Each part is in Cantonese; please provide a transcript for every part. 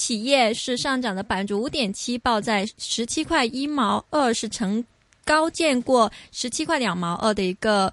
企業是上漲的百分之五點七，報在十七塊一毛二，是成高見過十七塊兩毛二的一個。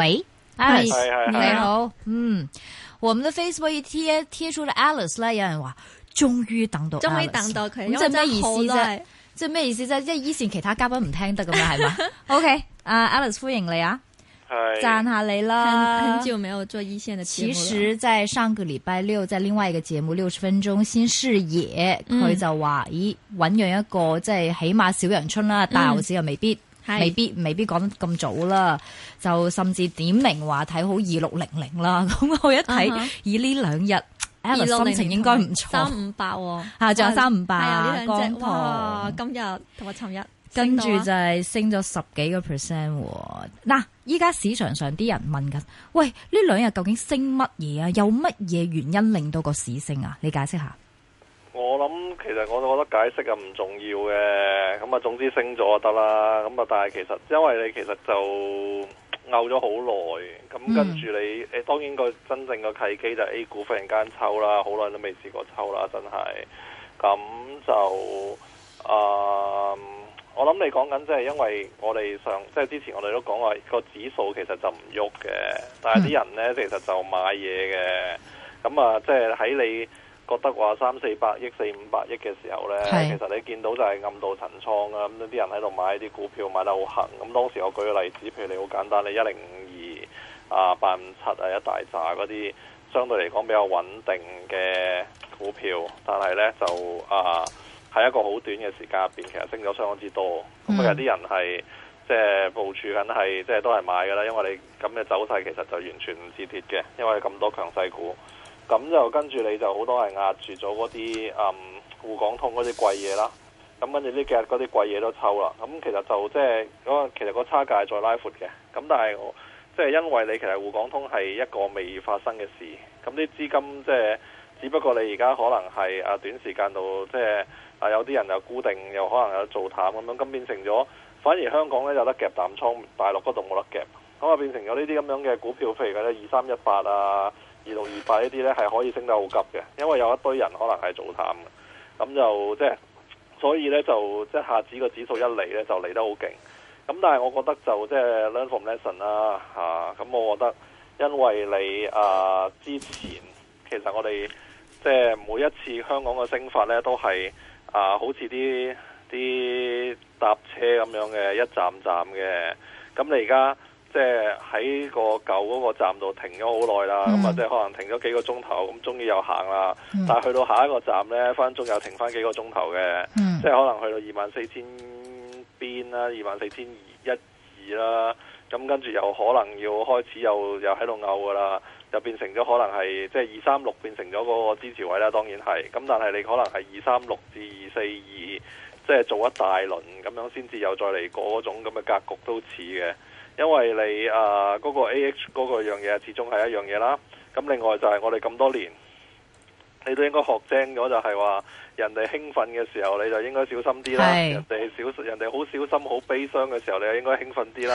喂 Alice 你好，嗯，我們的 Facebook 一貼貼出咗 Alice 啦，有人話終於等到，終於等到佢，即係咩意思啫？即係咩意思啫？即係一線其他嘉賓唔聽得咁嘛，係嘛？OK，阿 Alice 歡迎你啊，係讚下你啦，很久沒有做一線嘅節目。其實，在上個禮拜六，在另外一個節目《六十分鐘先視野》，佢就話咦，醞釀一個即係起碼小陽春啦，大牛市又未必。未必未必講得咁早啦，就甚至點名話睇好二六零零啦。咁我一睇，uh huh. 以呢兩日，心情應該唔錯，三五百，吓仲、哦、有三五百，00, 哎、光頭彤。哇！今日同埋尋日，跟住就係升咗十幾個 percent。嗱，依、啊、家市場上啲人問緊，喂，呢兩日究竟升乜嘢啊？有乜嘢原因令到個市升啊？你解釋下。我諗其實我我覺得解釋啊唔重要嘅，咁啊總之升咗就得啦，咁啊但係其實因為你其實就拗咗好耐，咁跟住你誒、嗯欸、當然、個真正個契機就係 A 股忽然間抽啦，好耐都未試過抽啦，真係，咁就啊、呃、我諗你講緊即係因為我哋上即係、就是、之前我哋都講話、個指數其實就唔喐嘅，但係啲人呢，嗯、其實就買嘢嘅，咁啊即係喺你。覺得話三四百億、四五百億嘅時候呢，其實你見到就係暗度陳倉啊，咁啲人喺度買啲股票買得好行。咁當時我舉個例子，譬如你好簡單，你一零五二啊八五七啊一大扎嗰啲相對嚟講比較穩定嘅股票，但係呢，就啊喺一個好短嘅時間入邊，其實升咗相當之多。咁有啲人係即係部署緊係即係都係買㗎啦，因為你咁嘅走勢其實就完全唔止跌嘅，因為咁多強勢股。咁就跟住你就好多係壓住咗嗰啲誒滬港通嗰啲貴嘢啦，咁跟住呢夾嗰啲貴嘢都抽啦，咁其實就即係嗰個其實個差價係再拉闊嘅，咁但係即係因為你其實滬港通係一個未發生嘅事，咁啲資金即係，只不過你而家可能係啊短時間度即係啊有啲人又固定又可能有做淡咁樣，咁變成咗反而香港咧有得夾淡倉，大陸嗰度冇得夾，咁啊變成咗呢啲咁樣嘅股票譬如嗰啲二三一八啊。二六二八呢啲呢，係可以升得好急嘅，因為有一堆人可能係做淡咁就即係、就是，所以呢，就一、是、下子個指數一嚟呢，就嚟得好勁。咁但係我覺得就即係、就是、learn from lesson 啦、啊、嚇，咁我覺得因為你啊之前其實我哋即係每一次香港嘅升法呢，都係啊好似啲啲搭車咁樣嘅一站站嘅，咁你而家。即係喺個舊嗰個站度停咗好耐啦，咁啊、嗯、即係可能停咗幾個鐘頭，咁終於又行啦。嗯、但係去到下一個站呢，翻中又停翻幾個鐘頭嘅，嗯、即係可能去到二萬四千邊啦，二萬四千二一二啦，咁跟住又可能要開始又又喺度拗㗎啦，又變成咗可能係即係二三六變成咗嗰個支持位啦，當然係。咁但係你可能係二三六至二四二，即係做一大輪咁樣先至有再嚟嗰種咁嘅格局都似嘅。因為你啊嗰、呃嗰個 AH 嗰個樣嘢，始終係一樣嘢啦。咁另外就係我哋咁多年，你都應該學精咗，就係話人哋興奮嘅時候，你就應該小心啲啦。是人哋小人哋好小心，好悲傷嘅時候，你就應該興奮啲啦。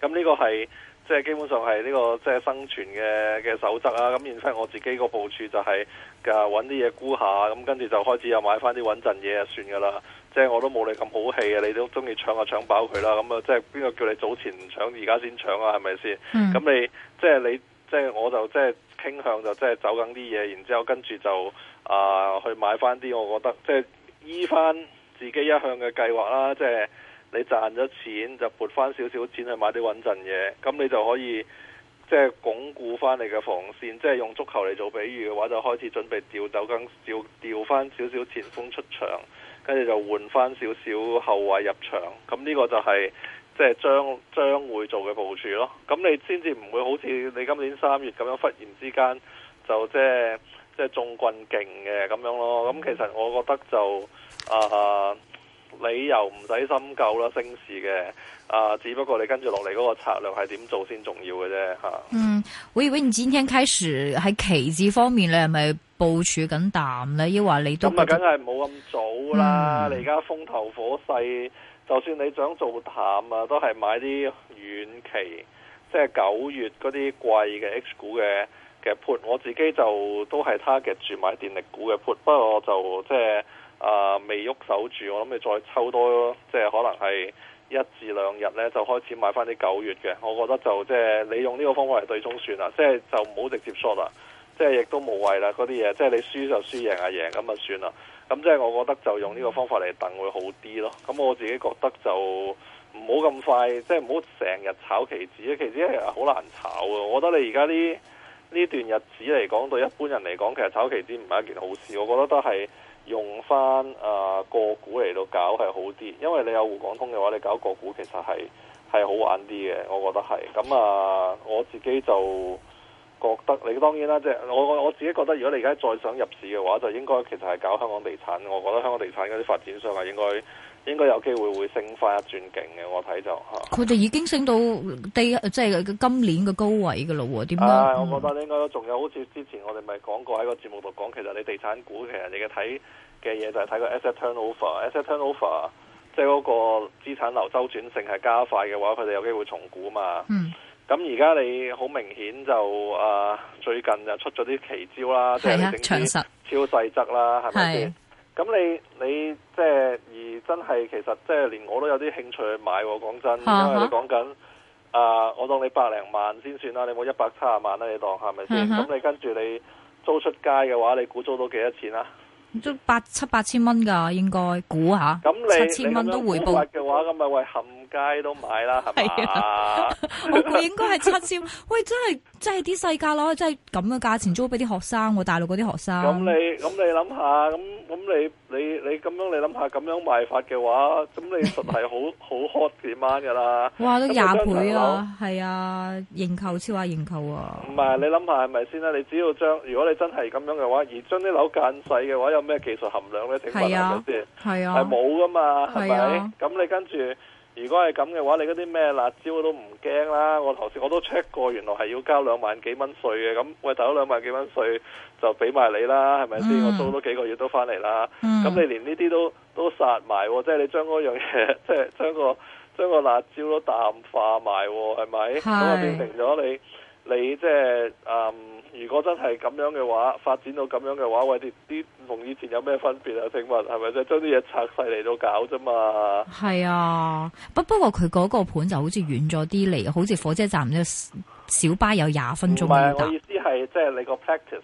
咁呢是個係即係基本上係呢、呢個即係、就係、生存嘅嘅守則啊。咁因此我自己個部署就係嘅揾啲嘢沽下，咁跟住就開始又買翻啲穩陣嘢，就算噶啦。即係我都冇你咁好氣啊！你都中意搶，搶就搶飽佢啦，咁啊！即係邊個叫你早前唔搶，而家先搶啊？係咪先？咁、mm. 你即係、就是、你即係、就是、我就即係、就是、傾向就即係走緊啲嘢，然之後跟住就啊、呃、去買翻啲，我覺得即係、就是、依翻自己一向嘅計劃啦。即、就、係、是、你賺咗錢就撥翻少少錢去買啲穩陣嘢，咁你就可以即係鞏固翻你嘅防線。即、就、係、是、用足球嚟做比喻嘅話，就開始準備調走緊調翻少少前鋒出場，跟住就換返少少後衛入場，咁呢個就係即係將將會做嘅部署咯。咁你先至唔會好似你今年三月咁樣忽然之間就即係即係中棍勁嘅咁樣咯。咁其實我覺得就啊。.你又唔使深究啦，升市嘅啊，只不過你跟住落嚟嗰個策略係點做先重要嘅啫吓。啊、嗯，我以為你今天開始喺期指方面你係咪部署緊淡咧？亦話你都咁啊，梗係冇咁早啦！嗯、你而家風頭火勢，就算你想做淡啊，都係買啲遠期，即係九月嗰啲貴嘅 H 股嘅嘅 put。Port，我自己就都係 target 住買電力股嘅 put，不過我就即係。啊，未喐手住，我諗你再抽多，即係可能係一至兩日呢，就開始買翻啲九月嘅。我覺得就即係、就係、你用呢個方法嚟對沖算啦，即係就唔好直接 short 啦，即係亦都無謂啦嗰啲嘢。即係你輸就輸，贏就贏，咁啊算啦。咁即係我覺得就用呢個方法嚟等會好啲咯。咁我自己覺得就唔好咁快，即係唔好成日炒期指啊。期指係好難炒啊。我覺得你而家呢呢段日子嚟講，對一般人嚟講，其實炒期指唔係一件好事。我覺得都係。用翻啊個股嚟到搞係好啲，因為你有滬港通嘅話，你搞個股其實係係好玩啲嘅，我覺得係。咁啊，我自己就覺得你當然啦，即係我我自己覺得，如果你而家再想入市嘅話，就應該其實係搞香港地產。我覺得香港地產嗰啲發展商係應該。應該有機會會升快一轉勁嘅，我睇就吓。佢哋已經升到地，即係今年嘅高位嘅咯。點解、啊？我覺得應該都仲有，好似之前我哋咪講過喺個節目度講，其實你地產股其實你嘅睇嘅嘢，就係睇個 asset turnover，asset turnover，即係嗰個資產流周轉性係加快嘅話，佢哋有機會重估嘛。嗯。咁而家你好明顯就啊，最近就出咗啲奇招啦，即係整啲超細則啦，係咪先？實咁你你即，就，係，是，而真係，其實即係連我都有啲興趣去買，啊。講真，uh huh. 因為你講緊啊，我當你百零萬先算啦，啊，你冇一百七廿萬啦，啊。你當係咪先？咁，uh huh. 你跟住你租出街嘅話，你估租到幾多錢啊？都八七八千蚊噶，應該估下咁你？七千蚊都回報嘅話，咁咪喂冚街都買啦，係咪我估對、啊、 應該係七千， 喂真係真係啲細價樓，真係咁嘅價錢租俾啲學、啊、學生，大陸嗰啲學生。咁你咁你諗下，咁咁你你你咁樣你諗下咁樣賣法嘅話，咁你實係好好 hot 嘅 money 噶啦。哇， 都廿倍啊！係啊，認購超話認購啊！唔係你諗下係咪先啦？你只要將如果你真係咁樣嘅話，而將啲樓間細嘅話咩技術含量咧？請問係咪先？係啊，係冇噶嘛，係咪？咁、啊、你跟住，如果係咁嘅話，你嗰啲咩辣椒都唔驚啦。我頭先我都 check 過，原來係要交兩萬幾蚊稅嘅。咁喂，交咗兩萬幾蚊稅就俾埋你啦，係咪先？嗯、我租多幾個月都翻嚟啦。咁、嗯、你連呢啲都都殺埋、啊，即係你將嗰樣嘢，即係將個將個辣椒都淡化埋，係咪？咁啊，是是是變成咗你。你即係嗯，如果真係咁樣嘅話，發展到咁樣嘅話，我哋啲同以前有咩分別啊？請問係咪啫？將啲嘢拆細嚟到搞啫嘛？係啊，不不過佢嗰個盤就好似遠咗啲嚟，好似火車站咧，小巴有廿分鐘。唔係，我意思係即係你個 practice，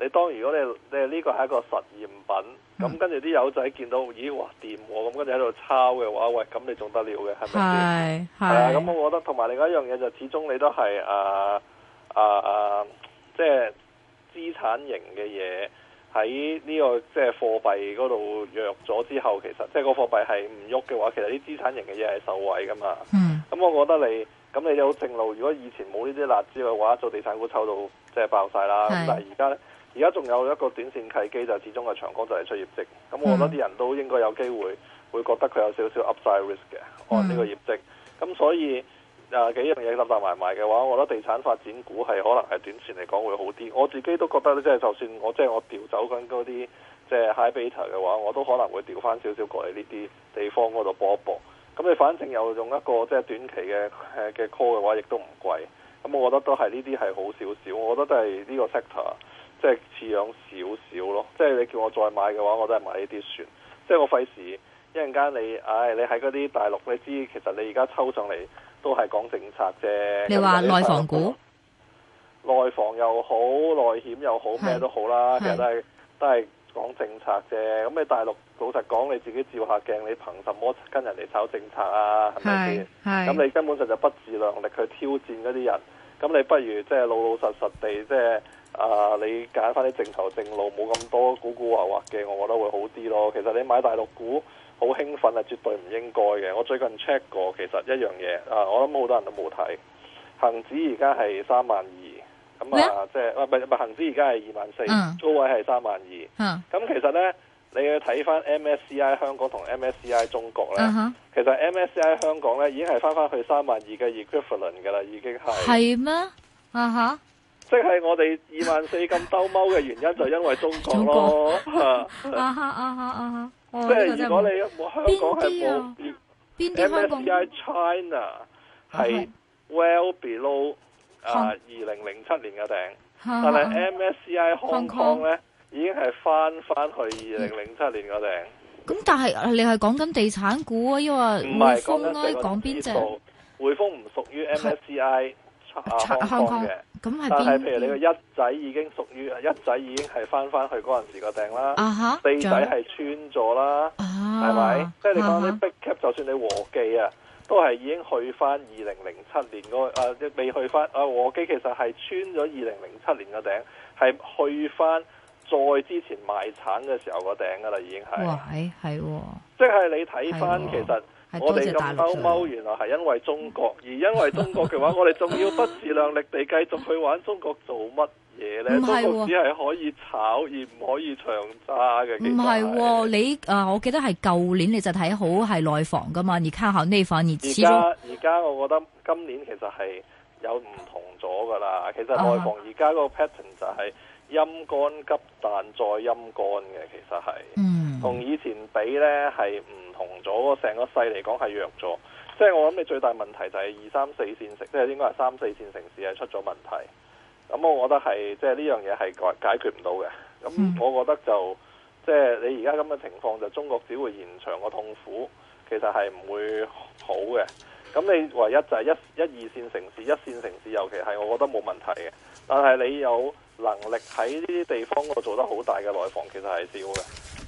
你當如果你你呢個係一個實驗品。咁、嗯、跟住啲友仔見到，咦！哇，掂喎、啊！咁跟住喺度抄嘅話，喂，咁你仲得了嘅？係咪先？係係啊！咁我覺得同埋另外一樣嘢就，始終你都係啊啊啊，即係資產型嘅嘢喺呢個即係貨幣嗰度弱咗之後，其實即係個貨幣係唔喐嘅話，其實啲資產型嘅嘢係受惠噶嘛。嗯。咁、啊、我覺得你咁你有正路，如果以前冇呢啲辣招嘅話，做地產股炒到即係爆晒啦。係。但係而家咧。而家仲有一個短線契機，就係始終係長江就係出業績。咁、mm hmm. 我覺得啲人都應該有機會，會覺得佢有少少 upside risk 嘅，按呢個業績。咁、mm hmm. 所以誒、啊、幾日嘢攬攬埋埋嘅話，我覺得地產發展股係可能係短線嚟講會好啲。我自己都覺得咧，即、就、係、是、就算我即係、就是、我調走緊嗰啲即係 high beta 嘅話，我都可能會調翻少少過嚟呢啲地方嗰度搏一搏。咁你反正又用一個即係、就是、短期嘅嘅、呃、call 嘅話，亦都唔貴。咁我覺得都係呢啲係好少少。我覺得都係呢個 sector。即係似樣少少咯，即係你叫我再買嘅話，我都係買呢啲船。即係我費事一陣間你，唉，你喺嗰啲大陸，你知其實你而家抽上嚟都係講政策啫。你話內房股，內房又好，內險又好，咩都好啦，其實都係都係講政策啫。咁你大陸老實講，你自己照下鏡，你憑什麼跟人哋炒政策啊？係咪先？係。咁你根本上就不自量力去挑戰嗰啲人，咁你不如即係老老實實地即係。啊！你揀翻啲正頭正路，冇咁多古古惑惑嘅，我覺得會好啲咯。其實你買大陸股，好興奮啊，絕對唔應該嘅。我最近 check 過，其實一樣嘢啊，我諗好多人都冇睇。恒指而家係三萬二，咁啊，What? 即係啊，唔係，恒指而家係二萬四、uh，高、huh. 位係三萬二。咁、uh huh. 其實呢，你要睇翻 MSCI 香港同 MSCI 中國呢，uh huh. 其實 MSCI 香港呢已經係翻翻去三萬二嘅 equivalent 嘅啦，已經係係咩？啊哈！即係我哋二萬四咁兜踎嘅原因，就因為中國咯。即係如果你我香港係冇，M S C I China 係 well below 啊二零零七年嘅頂，但係 M S C I 香港咧已經係翻翻去二零零七年嘅頂。咁但係你係講緊地產股啊，因為匯豐唔係講邊隻？匯豐唔屬於 M S C I。啊，康康嘅，但係譬如你個一仔已經屬於，一仔已經係翻翻去嗰陣時個頂啦，uh、huh, 四仔係穿咗啦，係咪？即係你講啲 big cap，就算你和記啊，都係已經去翻二零零七年個，誒、啊，未去翻啊和記其實係穿咗二零零七年個頂，係去翻再之前賣產嘅時候個頂噶啦，已經係，係係、uh，即、huh. 係你睇翻其實。Uh huh. 我哋咁兜踎，原來係因為中國，嗯、而因為中國嘅話， 我哋仲要不自量力地繼續去玩中國做乜嘢咧？唔係、啊，只係可以炒而唔可以長揸嘅。唔係、啊，你誒、呃，我記得係舊年你就睇好係內房㗎嘛，而靠下呢份而而家而家，我覺得今年其實係有唔同咗㗎喇。其實內房而家嗰個 pattern 就係、是。啊陰乾急，但再陰乾嘅其實係，同以前比呢，係唔同咗。成個世嚟講係弱咗，即係我諗你最大問題就係二三四線城，即係應該係三四線城市係出咗問題。咁我覺得係即係呢樣嘢係解解決唔到嘅。咁我覺得就即係你而家咁嘅情況，就中國只會延長個痛苦，其實係唔會好嘅。咁你唯一就係一一二線城市、一線城市，尤其係我覺得冇問題嘅，但係你有能力喺呢啲地方嗰度做得好大嘅內房，其實係少嘅。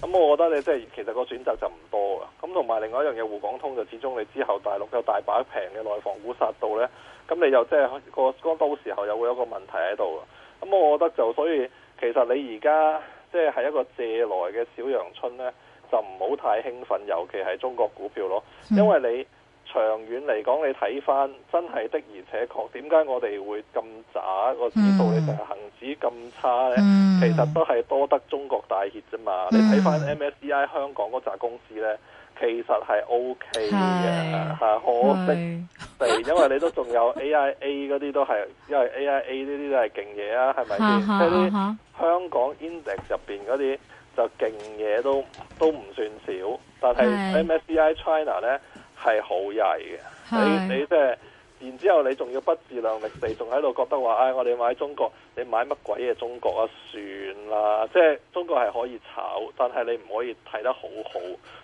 咁、嗯、我覺得你即係其實個選擇就唔多嘅。咁同埋另外一樣嘢，滬港通就始終你之後大陸有大把平嘅內房股殺到呢。咁你又即係個剛到時候又會有一個問題喺度。咁我覺得就所以其實你而家即係係一個借來嘅小陽春呢，就唔好太興奮，尤其係中國股票咯，因為你。嗯長遠嚟講，你睇翻真係的，的而且確，點解我哋會咁渣、個指數？你成日恆指咁差咧，其實都係多得中國大熱啫嘛。嗯、你睇翻 MSCI 香港嗰扎公司呢，其實係 OK 嘅嚇，是可惜地是因為你都仲有 AIA 嗰啲都係， 因為 AIA 呢啲都係勁嘢啊，係咪先？即係啲香港 index 入邊嗰啲就勁嘢都都唔算少，但係 MSCI China 呢。係好曳嘅，的你你即係，然之後你仲要不自量力地，仲喺度覺得話，唉、哎，我哋買中國，你買乜鬼嘢中國啊？算啦，即係中國係可以炒，但係你唔可以睇得好好。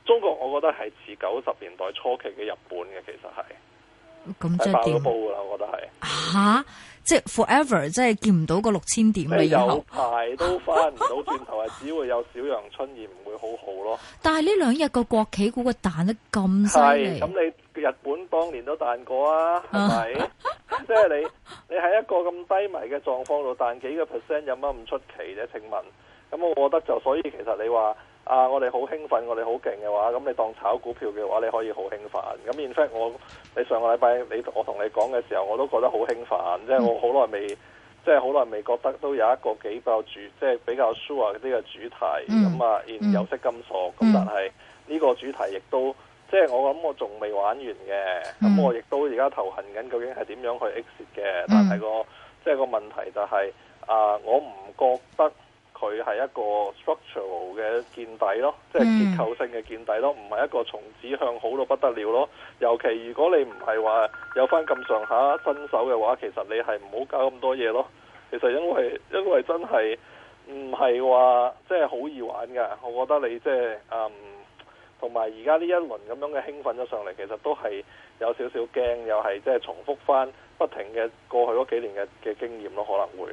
中國我覺得係似九十年代初期嘅日本嘅，其實係。咁即係跌。吓、嗯，即係、啊、forever，即係見唔到個六千點，你有排都翻唔到轉頭，係只會有小陽春而唔會好好咯。但係呢兩日個國企股嘅彈得咁犀利。係，咁你日本當年都彈過啊，係咪？ 即係 你，你喺一個咁低迷嘅狀況度彈幾個 percent，有乜咁出奇啫？請問，咁我覺得就所以，其實你話。啊！Uh, 我哋好興奮，我哋好勁嘅話，咁你當炒股票嘅話，你可以好興奮。咁，in fact，我你上個禮拜你我同你講嘅時候，我都覺得好興奮，即、就、係、是、我好耐未，即係好耐未覺得都有一個幾比較主，即、就、係、是、比較 sure 啲嘅主題。咁啊、mm. 嗯，而有色金屬咁，但係呢個主題亦都即係、就是、我諗、mm. 嗯，我仲未玩完嘅。咁我亦都而家頭痕緊，究竟係點樣去 exit 嘅？但係、那個即係、就是、個問題就係、是、啊、呃，我唔覺得。佢係一個 structural 嘅見底咯，即係結構性嘅見底咯，唔係一個從指向好到不得了咯。尤其如果你唔係話有翻咁上下身手嘅話，其實你係唔好搞咁多嘢咯。其實因為因為真係唔係話即係好易玩㗎，我覺得你即係嗯，同埋而家呢一輪咁樣嘅興奮咗上嚟，其實都係有少少驚，又係即係重複翻不停嘅過去嗰幾年嘅嘅經驗咯，可能會。